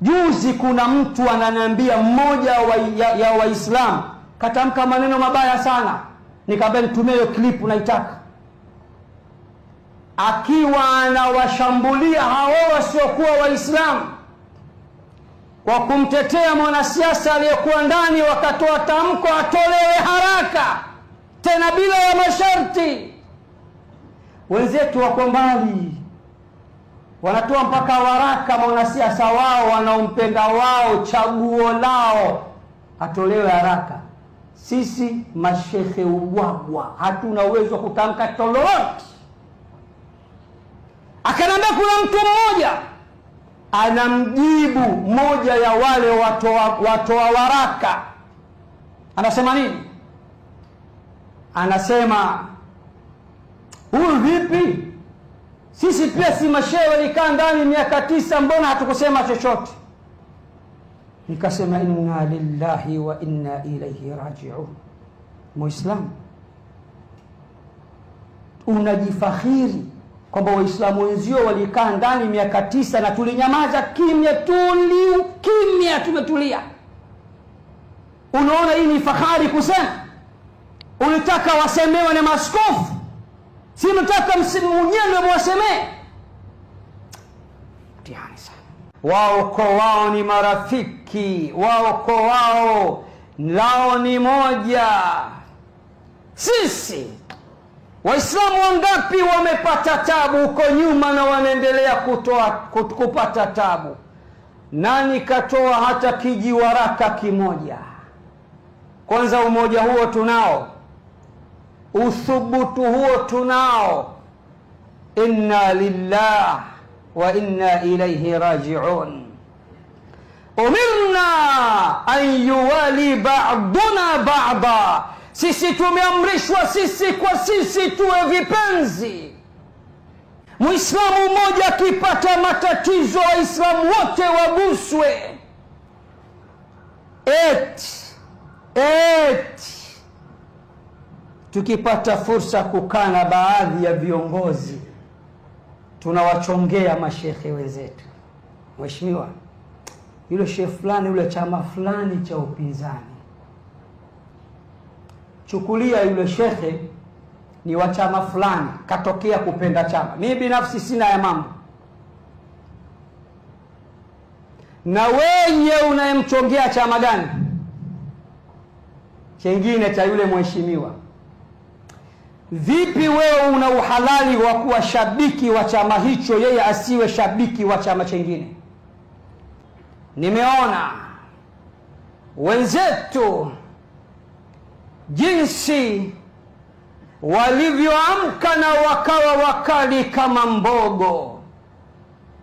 Juzi kuna mtu ananiambia, mmoja wa, ya Waislamu katamka maneno mabaya sana, nikaambia nitumie hiyo clip, naitaka akiwa anawashambulia hao wasiokuwa Waislamu kwa kumtetea mwanasiasa aliyekuwa ndani, wakatoa tamko atolewe haraka, tena bila ya masharti. Wenzetu wako mbali wanatoa mpaka waraka mwanasiasa wao wanaompenda wao chaguo lao atolewe haraka. Sisi mashehe ubwabwa hatuna uwezo wa kutamka tololote. Akaniambia kuna mtu mmoja anamjibu moja ya wale watoa watoa waraka, anasema nini? Anasema huyu vipi sisi pia si mashehe walikaa ndani miaka tisa, mbona hatukusema chochote? Nikasema inna lillahi wa inna ilaihi rajiun. Muislamu unajifakhiri kwamba waislamu wenzio walikaa ndani miaka tisa na tulinyamaza kimya, tuli kimya, tumetulia. Unaona hii ni fahari kusema? Ulitaka wasemewe na maskofu si nataka msimunyelwe mwasemee mtihani sana wao ko wao ni marafiki wao ko wao lao ni moja sisi Waislamu wangapi wamepata tabu huko nyuma na wanaendelea kutoa kupata tabu? Nani katoa hata kijiwaraka kimoja? Kwanza umoja huo tunao uthubutu huo tunao, inna lillah wa inna ilayhi rajiun. Umirna an yuwali ba'duna ba'da, sisi tumeamrishwa sisi kwa sisi tuwe vipenzi. Muislamu mmoja akipata matatizo waislamu wote waguswe. eti eti tukipata fursa kukaa na baadhi ya viongozi tunawachongea mashehe wenzetu, mheshimiwa, yule shehe fulani, yule chama fulani cha upinzani, chukulia yule shehe ni wa chama fulani, katokea kupenda chama. Mi binafsi sina ya mambo na wenye unayemchongea chama gani chengine cha yule mheshimiwa Vipi wewe una uhalali wa kuwa shabiki wa chama hicho, yeye asiwe shabiki wa chama chengine? Nimeona wenzetu jinsi walivyoamka na wakawa wakali kama mbogo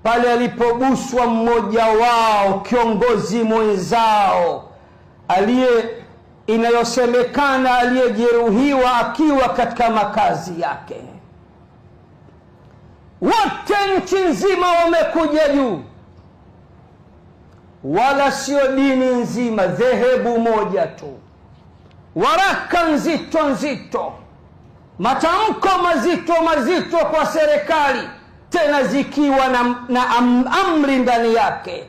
pale alipoguswa mmoja wao kiongozi mwenzao aliye inayosemekana aliyejeruhiwa akiwa katika makazi yake. Wote nchi nzima wamekuja juu, wala sio dini nzima, dhehebu moja tu, waraka nzito nzito, matamko mazito mazito kwa serikali, tena zikiwa na, na am, amri ndani yake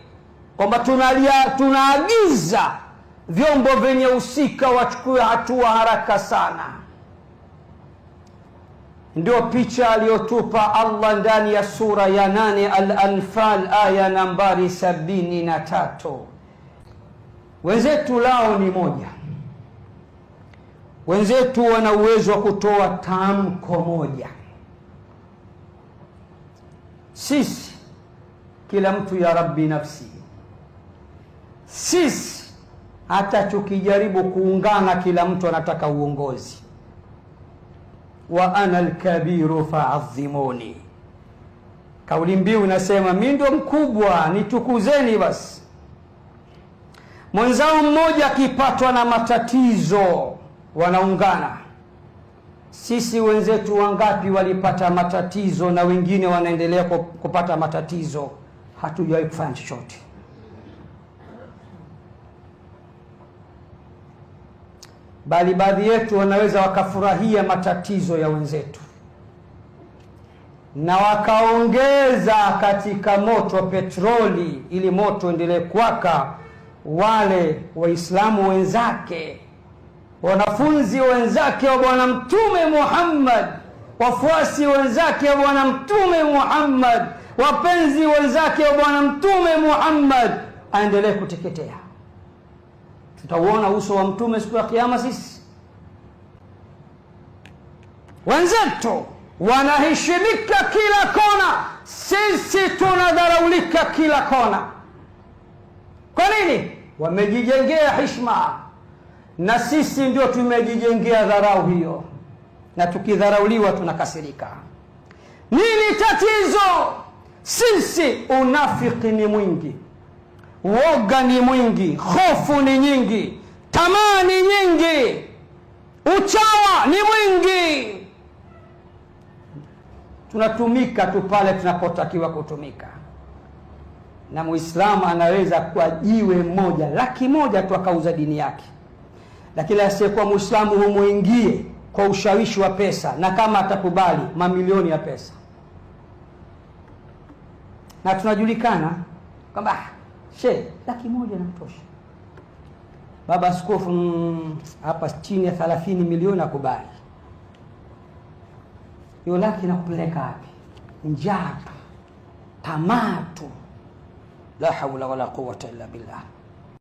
kwamba tunaagiza vyombo vyenye husika wachukue hatua haraka sana. Ndio picha aliyotupa Allah ndani ya sura ya nane Al-Anfal aya nambari sabini na tatu. Wenzetu lao ni moja, wenzetu wana uwezo wa kutoa tamko moja. Sisi kila mtu ya rabbi nafsi, sisi hata tukijaribu kuungana, kila mtu anataka uongozi. Wa ana alkabiru faadhimuni, kauli mbiu inasema mi ndo mkubwa, nitukuzeni basi. Mwenzao mmoja akipatwa na matatizo wanaungana. Sisi wenzetu wangapi walipata matatizo, na wengine wanaendelea kupata matatizo, hatujawahi kufanya chochote. bali baadhi yetu wanaweza wakafurahia matatizo ya wenzetu na wakaongeza katika moto petroli ili moto endelee kuwaka wale Waislamu wenzake, wanafunzi wenzake wa Bwana Mtume Muhammad, wafuasi wenzake wa Bwana Mtume Muhammad, wapenzi wenzake wa Bwana Mtume Muhammad, aendelee kuteketea tutauona uso wa mtume siku ya kiyama. Sisi wenzetu wanaheshimika kila kona, sisi tunadharaulika kila kona. Kwa nini? Wamejijengea hishma na sisi ndio tumejijengea dharau hiyo, na tukidharauliwa tunakasirika. Nini tatizo? Sisi unafiki ni mwingi Woga ni mwingi, hofu ni nyingi, tamaa ni nyingi, uchawa ni mwingi. Tunatumika tu pale tunapotakiwa kutumika, na Muislamu anaweza kuwa jiwe moja laki moja tu akauza dini yake, lakini asiyekuwa Muislamu humwingie kwa ushawishi wa pesa, na kama atakubali mamilioni ya pesa, na tunajulikana kwamba She laki moja inamtosha baba askofu mm, hapa, chini ya 30 milioni akubali. Hiyo laki inakupeleka wapi? Njaa, tamaa tu, la haula wala quwata illa billah.